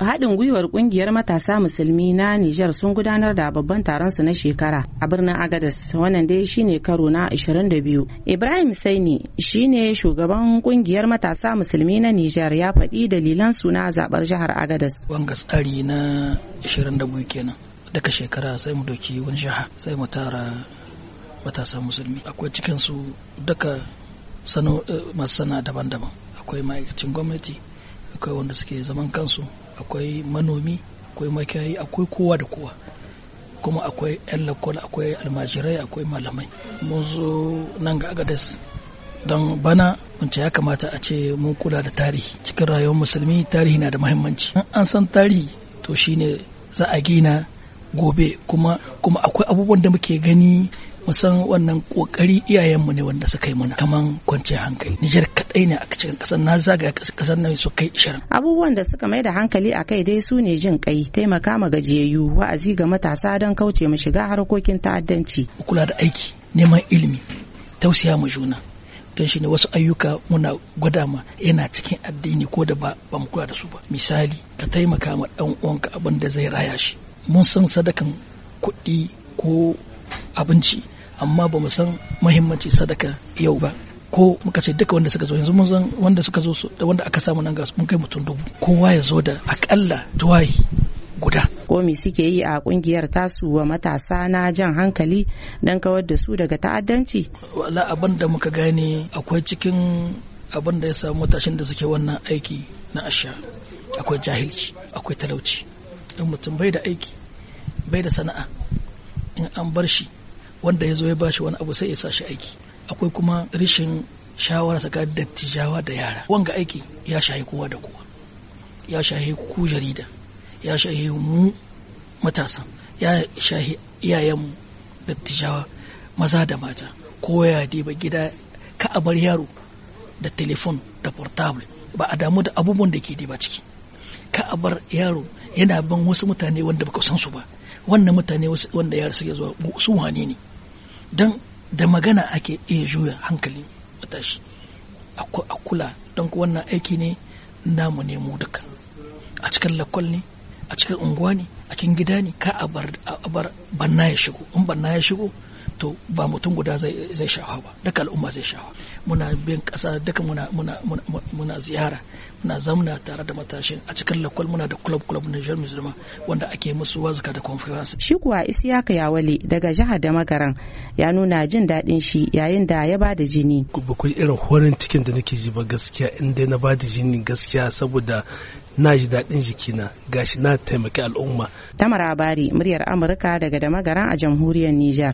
haɗin gwiwar ƙungiyar matasa musulmi na Nijar sun gudanar da babban taron su na shekara a birnin Agadez wannan dai shine karo na 22. Ibrahim Saini shine shugaban ƙungiyar matasa musulmi na Nijar ya faɗi dalilan su na zaɓar jihar Agadez. Wanga tsari na 22 kenan daga shekara sai mu doki wani jiha sai mu tara matasa musulmi akwai cikin su duka eh, masu sana daban-daban akwai ma'aikacin gwamnati akwai wanda suke zaman kansu akwai manomi akwai makiyayi akwai kowa da kowa kuma akwai 'yan lakwal akwai almajirai akwai malamai mun zo nan ga agadas don bana wance ya kamata a ce mun kula da tarihi cikin rayuwar musulmi tarihi na da mahimmanci. an san tarihi to shine za a gina gobe kuma kuma akwai abubuwan da muke gani mu san wannan kokari iyayenmu ne wanda suka yi mana kaman kwanciyar hankali Nijar kadai ne a cikin kasar na zagaya kasar nan su kai 20 abubuwan da suka mai da hankali a kai dai su ne jin kai taimaka ma gajiyayyu wa'azi ga matasa don kauce mu shiga harkokin ta'addanci kula da aiki neman ilimi tausiya mu juna don shi ne wasu ayyuka muna gwada ma yana cikin addini ko da ba ba mu kula da su ba misali ka taimaka ma dan uwanka abin da zai raya shi mun san sadakan kuɗi ko abinci amma ba mu san mahimmanci sadaka yau ba ko muka ce duka wanda suka zo yanzu mun san wanda suka zo da wanda aka samu nan gas mun kai mutum dubu kowa ya zo da akalla tuwayi guda. Ko me suke yi a kungiyar tasu wa matasa na jan hankali don kawar da su daga ta'addanci? Wala abin da muka gane akwai cikin abin da ya samu matashin da suke wannan aiki na asha akwai jahilci akwai talauci in mutum bai da aiki bai da sana'a in an bar shi wanda ya zo ya bashi wani abu sai ya sa shi aiki akwai kuma rishin shawara tsakanin dattijawa da yara wanga aiki ya shahi kowa da kowa ya shahi ku jarida ya shahi mu matasa ya shahi iyayenmu dattijawa maza da mata kowa ya diba gida ka a yaro da telefon da portable ba a damu da abubuwan da ke diba ciki ka a yaro yana ban wasu mutane wanda baka san su ba wannan mutane wanda yara suke zuwa su wane ne don da magana ake iya juya hankali matashi a kula don wannan aiki ne namu ne mu duka a cikin lakwal ne a cikin unguwa ne a cikin gida ne ka a bar banna ya shigo in banna ya shigo to ba mutum guda zai shafa ba duka al'umma zai shafa muna bin ƙasa duka muna muna ziyara muna zamuna tare da matashin a cikin lakwal muna da club club na jihar musulma wanda ake musu wazuka da conference shi kuwa isiyaka yawale daga jihar da magaran ya nuna jin daɗin shi yayin da ya ba da jini ba ku irin horin cikin da nake ji ba gaskiya in dai na bada jini gaskiya saboda na ji daɗin jikina gashi na taimaki al'umma tamara bari muryar amurka daga da magaran a jamhuriyar niger